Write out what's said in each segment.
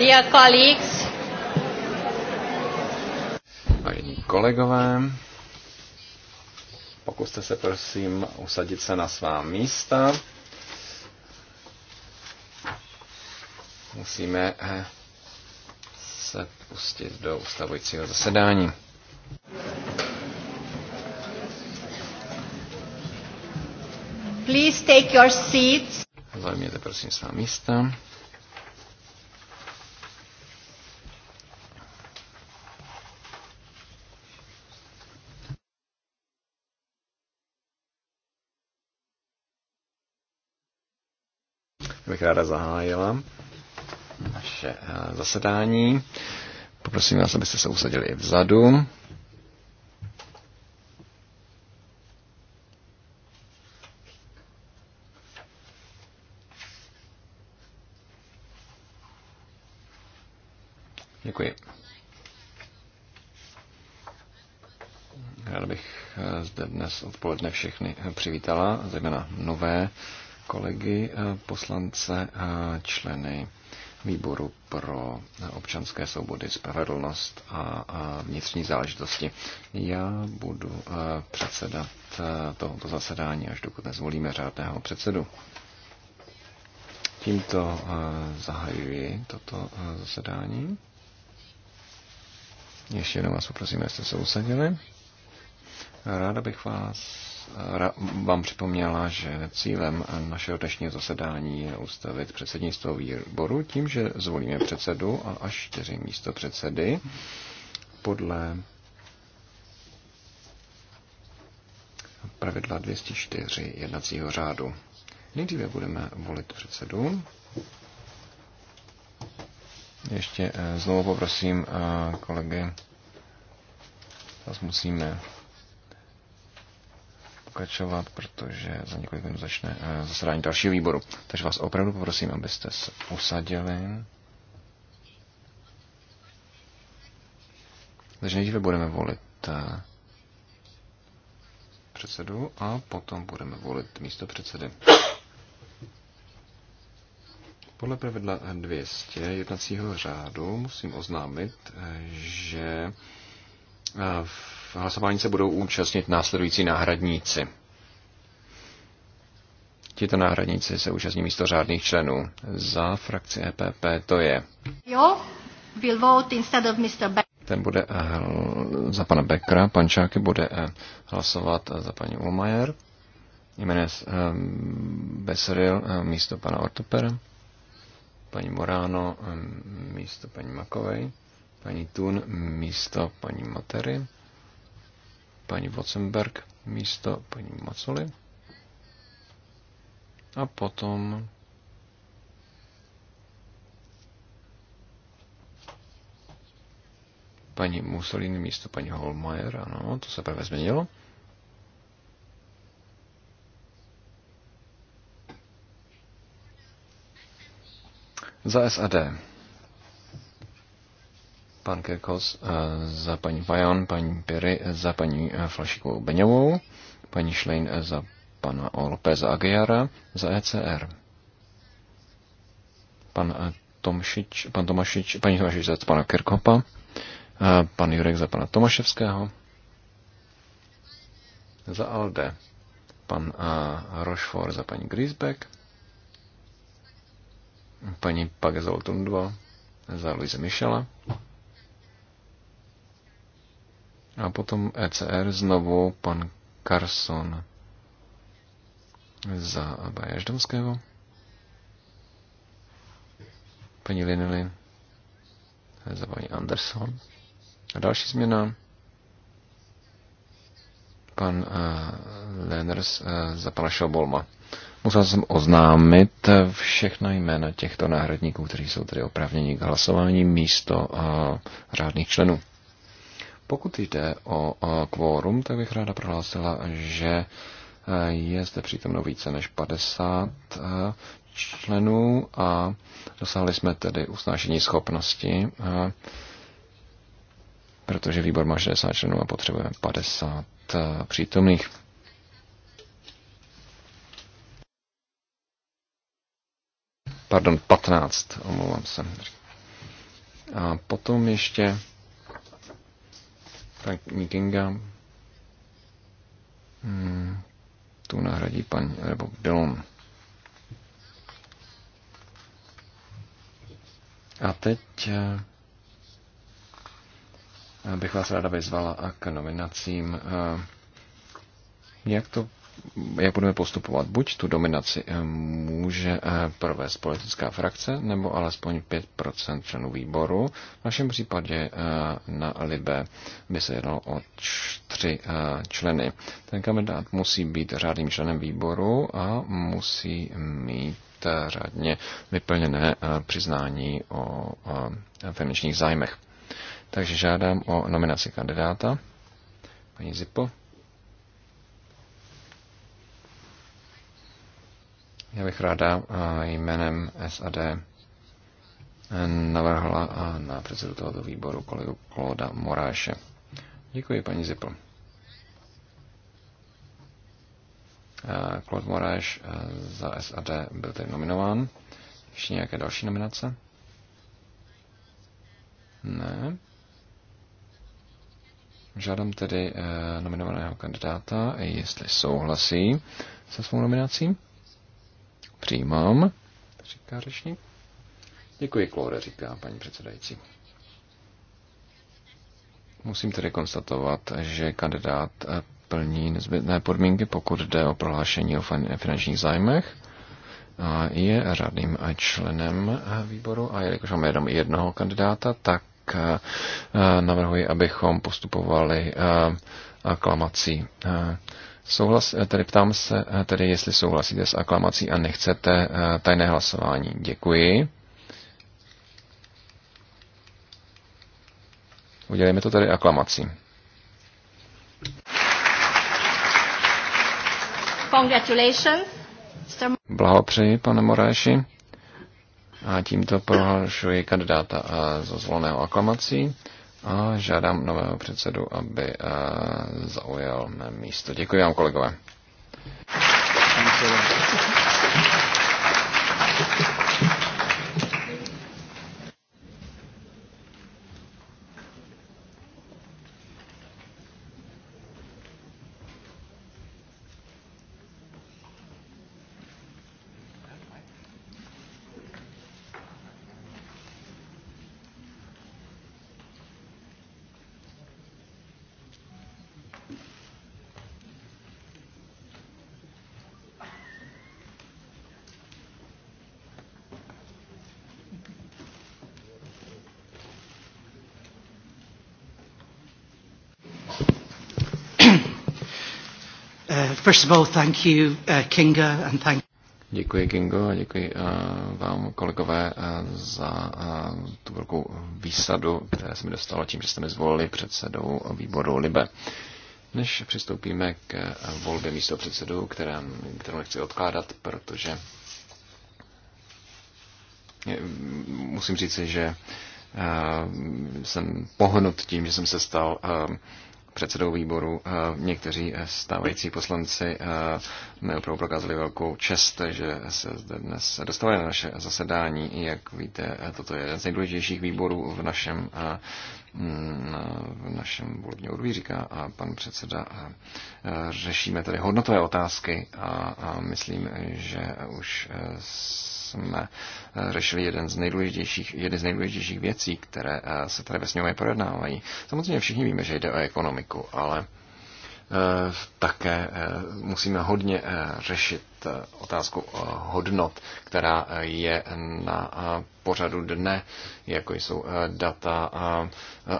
Dear colleagues. Vážení kolegové, pokuste se prosím usadit se na svá místa. Musíme eh, se pustit do ustavujícího zasedání. Please take your seats. Zajměte prosím svá místa. bych ráda zahájila naše eh, zasedání. Poprosím vás, abyste se usadili i vzadu. Děkuji. Ráda bych eh, zde dnes odpoledne všechny eh, přivítala, zejména nové kolegy, eh, poslance a eh, členy výboru pro eh, občanské svobody, spravedlnost a vnitřní záležitosti. Já budu předsedat tohoto zasedání, až dokud nezvolíme řádného předsedu. Tímto zahajuji toto zasedání. Ještě jednou vás poprosím, jestli se usadili. Ráda bych vás vám připomněla, že cílem našeho dnešního zasedání je ustavit předsednictvo výboru tím, že zvolíme předsedu a až čtyři místo předsedy podle pravidla 204 jednacího řádu. Nejdříve budeme volit předsedu. Ještě eh, znovu poprosím eh, kolegy, vás musíme pokračovat, protože za několik minut začne eh, zasedání dalšího výboru. Takže vás opravdu poprosím, abyste se usadili. Takže nejdříve budeme volit eh, předsedu a potom budeme volit místo předsedy. Podle pravidla 200 jednacího řádu musím oznámit, eh, že v v hlasování se budou účastnit následující náhradníci. Tito náhradníci se účastní místo řádných členů. Za frakci EPP to je. Jo, will vote instead of Mr. Beck. Ten bude eh, za pana Beckera, pan Čáky bude eh, hlasovat za paní Ulmajer. jméne eh, Beseril místo pana Ortopera, paní Moráno místo paní Makovej, paní Tun místo paní Matery paní Watzenberg místo paní Macoli. A potom paní Mussolini místo paní Holmajer, ano, to se právě změnilo. Za SAD pan Kirkos eh, za paní Vajon, paní Piry eh, za paní eh, Flašikovou Beňovou, paní Šlein za pana Lopeza Agiara za ECR. Pan Tomšič, pan Tomašič, paní Tomašič za pana Kirkopa, pan Jurek za pana Tomaševského, za Alde, pan Rochefort za paní Grisbeck, paní Pagezoltundua za Luise Michela, a potom ECR znovu pan Carson za Bajaždomského. Paní Linely za paní Anderson. A další změna. Pan uh, Lenners uh, za pana Šobolma. Musel jsem oznámit eh, všechna jména těchto náhradníků, kteří jsou tedy opravněni k hlasování místo uh, řádných členů. Pokud jde o kvórum, tak bych ráda prohlásila, že eh, je zde přítomno více než 50 eh, členů a dosáhli jsme tedy usnášení schopnosti, eh, protože výbor má 60 členů a potřebujeme 50 přítomných. Pardon, 15, omlouvám se. A potom ještě paní Kinga hmm, tu nahradí paní, nebo Delon. A teď eh, bych vás ráda vyzvala k nominacím. Eh, jak to jak budeme postupovat. Buď tu dominaci eh, může eh, provést politická frakce, nebo alespoň 5% členů výboru. V našem případě eh, na Libe by se jednalo o tři členy. Ten kandidát musí být řádným členem výboru a musí mít řádně vyplněné přiznání o finančních zájmech. Takže žádám o nominaci kandidáta. Paní Zipo. Já bych ráda eh, jménem SAD eh, navrhla eh, na předsedu tohoto výboru kolegu Kloda Moráše. Děkuji, paní Zipl. Claude Moraes za SAD byl tedy nominován. Ještě nějaké další nominace? Ne. Žádám tedy nominovaného kandidáta, jestli souhlasí se svou nominací přijímám, říká řečník. Děkuji, Klore, říká paní předsedající. Musím tedy konstatovat, že kandidát eh, plní nezbytné podmínky, pokud jde o prohlášení o finančních zájmech. A je řádným eh, členem eh, výboru a jelikož máme jenom jednoho kandidáta, tak navrhuji, abychom postupovali aklamací. Souhlas, eh, tedy ptám se, eh, tedy jestli souhlasíte s aklamací a nechcete eh, tajné hlasování. Děkuji. Udělejme to tedy aklamací. Blahopřeji, pane Moráši. A tímto prohlašuji kandidáta za zvoleného aklamací. A žádám nového předsedu, aby eh, zaujal mé místo. Děkuji vám, kolegové. Thank you. first of all, thank you, uh, Kinga, and thank Děkuji Kingo a děkuji uh, vám kolegové uh, za uh, tu velkou výsadu, které se mi dostalo tím, že jste mi zvolili předsedou výboru Libe. Než přistoupíme k uh, volbě místo předsedu, kterém kterou nechci odkládat, protože musím říci, že uh, jsem pohnut tím, že jsem se stal uh, předsedou výboru. Eh, někteří eh, stávající poslanci eh, mi opravdu prokázali velkou čest, že se zde dnes dostali na naše zasedání. Jak víte, toto je jeden z nejdůležitějších výborů v našem, mm, v našem volební odví, říká a pan předseda. Řešíme tedy hodnotové otázky a myslím, že už jsme eh, řešili jeden z nejdůležitějších, jeden z nejdůležitějších věcí, které eh, se tady ve sněmovně projednávají. Samozřejmě všichni víme, že jde o ekonomiku, ale eh, také musíme hodně řešit otázku hodnot, která je na pořadu dne, jako jsou data,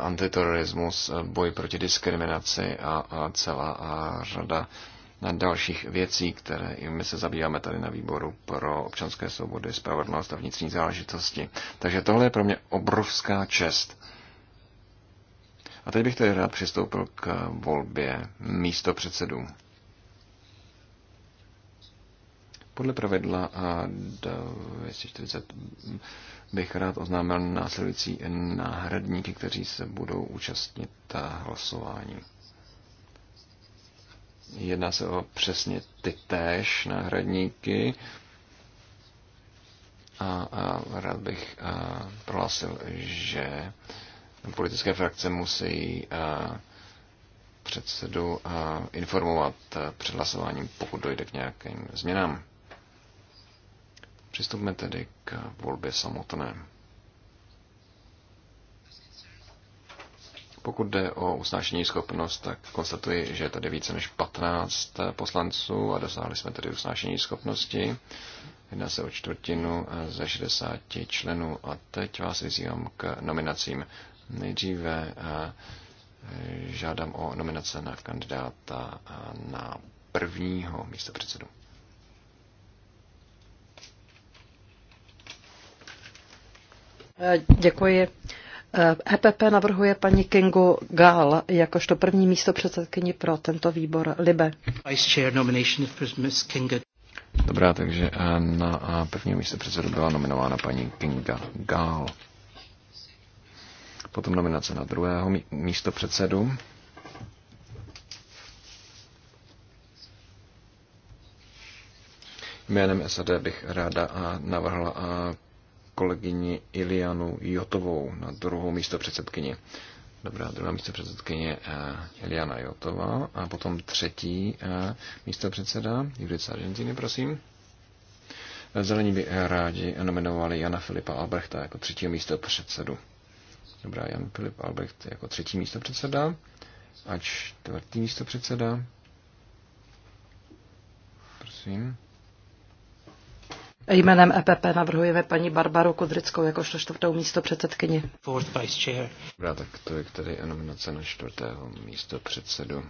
antiterorismus, boj proti diskriminaci a celá řada na dalších věcí, které my se zabýváme tady na výboru pro občanské svobody, spravedlnost a vnitřní záležitosti. Takže tohle je pro mě obrovská čest. A teď bych tedy rád přistoupil k volbě místo předsedů. Podle pravidla 240 bych rád oznámil následující náhradníky, kteří se budou účastnit hlasování. Jedná se o přesně ty též náhradníky. A, a rád bych a, prohlásil, že politické frakce musí a, předsedu a, informovat před hlasováním, pokud dojde k nějakým změnám. Přistupme tedy k volbě samotné. Pokud jde o usnášení schopnost, tak konstatuji, že je tady více než 15 eh, poslanců a dosáhli jsme tedy usnášení schopnosti. Jedná se o čtvrtinu eh, ze 60 členů a teď vás vyzývám k nominacím. Nejdříve eh, žádám o nominace na kandidáta na prvního místo předsedu. Děkuji, EPP eh, e navrhuje paní Kingu Gál jakožto první místo předsedkyni pro tento výbor Libe. Dobrá, takže eh, na eh, první místo předsedu byla nominována paní Kinga Gál. Potom nominace na druhého místo předsedu. Jménem SAD bych ráda navrhla kolegyni Ilianu Jotovou na druhou místo předsedkyni. Dobrá, druhá místo předsedkyně eh, Iliana Jotová a potom třetí eh, místo předseda Judith Argentiny, prosím. Zelení by rádi nominovali Jana Filipa Albrechta jako třetího místo předsedu. Dobrá, Jan Filip Albrecht jako třetí místo předseda a čtvrtý místo předseda. Prosím. Jménem EPP navrhujeme paní Barbaru Kudrickou jakožto čtvrtou místo předsedkyni. Dobrá, tak to je tady nominace na čtvrtého místo předsedu.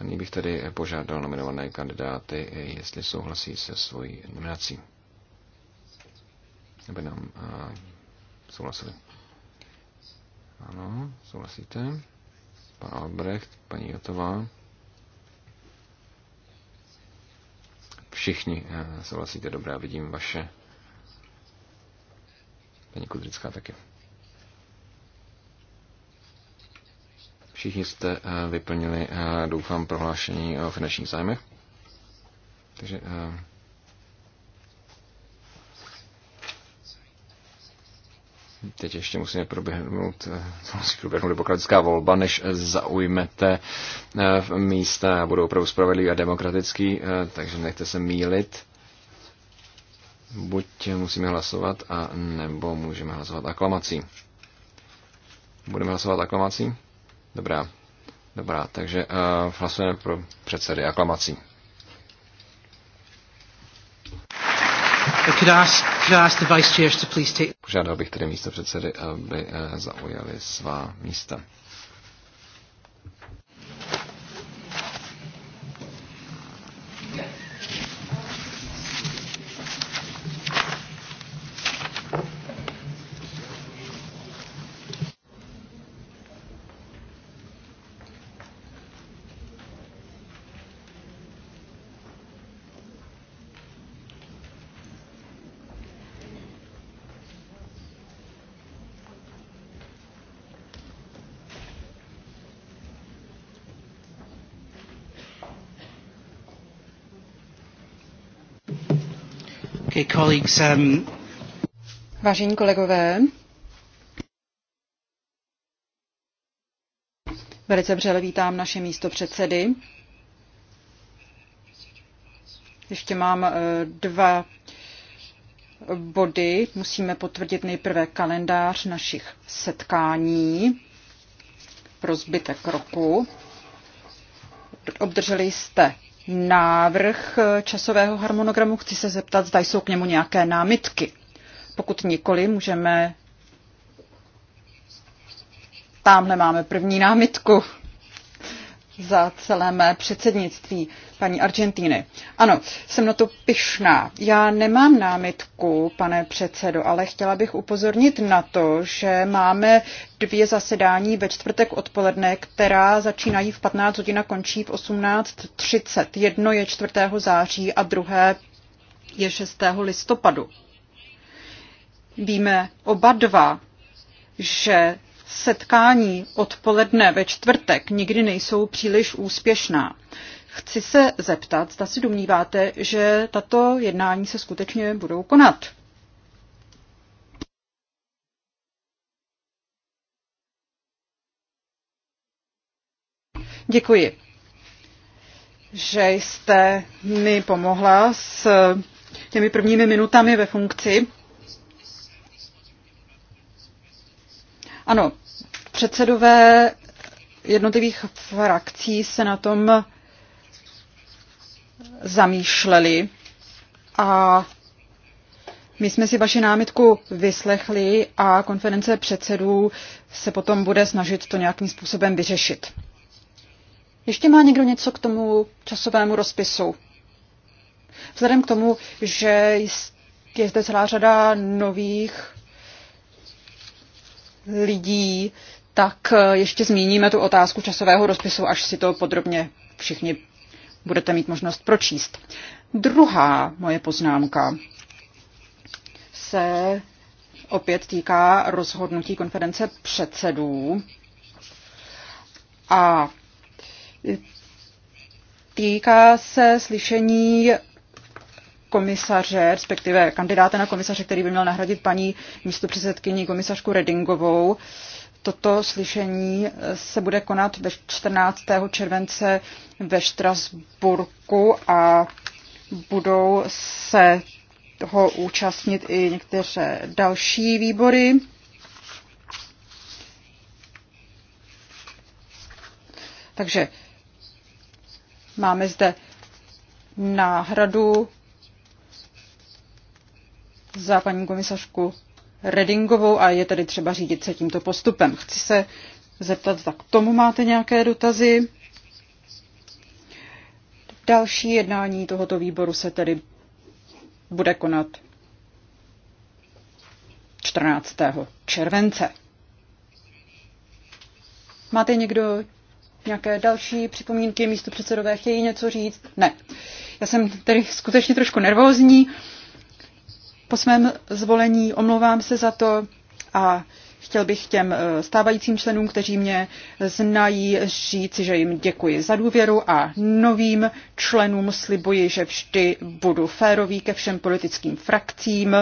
A nyní bych tedy požádal nominované kandidáty, jestli souhlasí se svojí nominací. Aby nám a, souhlasili. Ano, souhlasíte? Pan Albrecht, paní Jotová. všichni eh, souhlasíte. Dobrá, vidím vaše. Paní Kudrická taky. Všichni jste eh, vyplnili, eh, doufám, prohlášení o finančních zájmech. Takže teď ještě musíme proběhnout, eh, musí proběhnout demokratická volba, než eh, zaujmete eh, místa a budou opravdu spravedlivý a demokratický, takže nechte se mílit. Buď musíme hlasovat, a nebo můžeme hlasovat aklamací. Budeme hlasovat aklamací? Dobrá. Dobrá, takže uh, hlasujeme pro předsedy aklamací. Požádal bych tedy místo předsedy, aby eh, zaujali svá místa. Um, Vážení kolegové, velice vřele vítám naše místo předsedy. Ještě mám eh, dva body. Musíme potvrdit nejprve kalendář našich setkání pro zbytek roku. Obdrželi jste návrh časového harmonogramu. Chci se zeptat, zda jsou k němu nějaké námitky. Pokud nikoli, můžeme... Tamhle máme první námitku za celé mé předsednictví paní Argentíny. Ano, jsem na to pyšná. Já nemám námitku, pane předsedo, ale chtěla bych upozornit na to, že máme dvě zasedání ve čtvrtek odpoledne, která začínají v 15 hodin a končí v 18.30. Jedno je 4. září a druhé je 6. listopadu. Víme oba dva, že setkání odpoledne ve čtvrtek nikdy nejsou příliš úspěšná. Chci se zeptat, zda si domníváte, že tato jednání se skutečně budou konat. Děkuji, že jste mi pomohla s těmi prvními minutami ve funkci. Ano, předsedové jednotlivých frakcí se na tom zamýšleli a my jsme si vaši námitku vyslechli a konference předsedů se potom bude snažit to nějakým způsobem vyřešit. Ještě má někdo něco k tomu časovému rozpisu? Vzhledem k tomu, že je zde celá řada nových lidí, tak eh, ještě zmíníme tu otázku časového rozpisu, až si to podrobně všichni budete mít možnost pročíst. Druhá moje poznámka se opět týká rozhodnutí konference předsedů a týká se slyšení komisaře, respektive kandidáta na komisaře, který by měl nahradit paní místopředsedkyni komisařku Redingovou, Toto slyšení eh, se bude konat ve 14. července ve Štrasburku a budou se toho účastnit i některé další výbory. Takže máme zde náhradu za paní komisařku Redingovou a je tedy třeba řídit se tímto postupem. Chci se zeptat, zda k tomu máte nějaké dotazy. Další jednání tohoto výboru se tedy bude konat 14. července. Máte někdo nějaké další připomínky? Místo předsedové chtějí něco říct? Ne. Já jsem tedy skutečně trošku nervózní po svém zvolení, omlouvám se za to a chtěl bych těm eh, stávajícím členům, kteří mě znají, říci, že jim děkuji za důvěru a novým členům slibuji, že vždy budu férový ke všem politickým frakcím.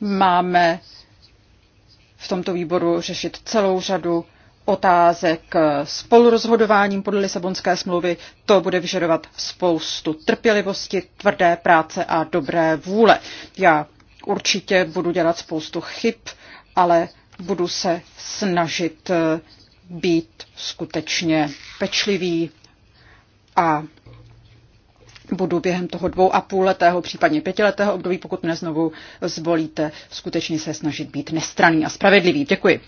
Máme v tomto výboru řešit celou řadu otázek spolurozhodováním podle Lisabonské smlouvy. To bude vyžadovat spoustu trpělivosti, tvrdé práce a dobré vůle. Já určitě budu dělat spoustu chyb, ale budu se snažit eh, být skutečně pečlivý a budu během toho dvou a půl letého, případně pětiletého období, pokud mě znovu zvolíte, skutečně se snažit být nestraný a spravedlivý. Děkuji.